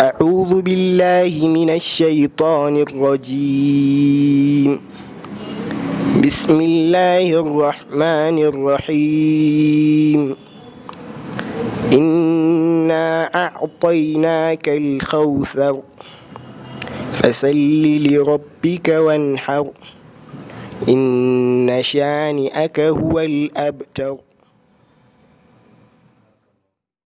أعوذ بالله من الشيطان الرجيم بسم الله الرحمن الرحيم إنا أعطيناك الخوثر فسل لربك وانحر إن شانئك هو الأبتر